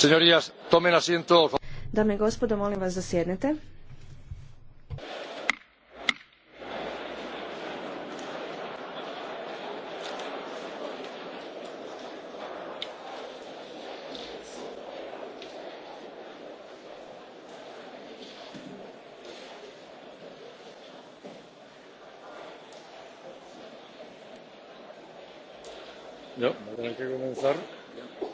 Señorías, tomen asiento. Dame i gospodo, molim vas da sjednete. No, va a comenzar.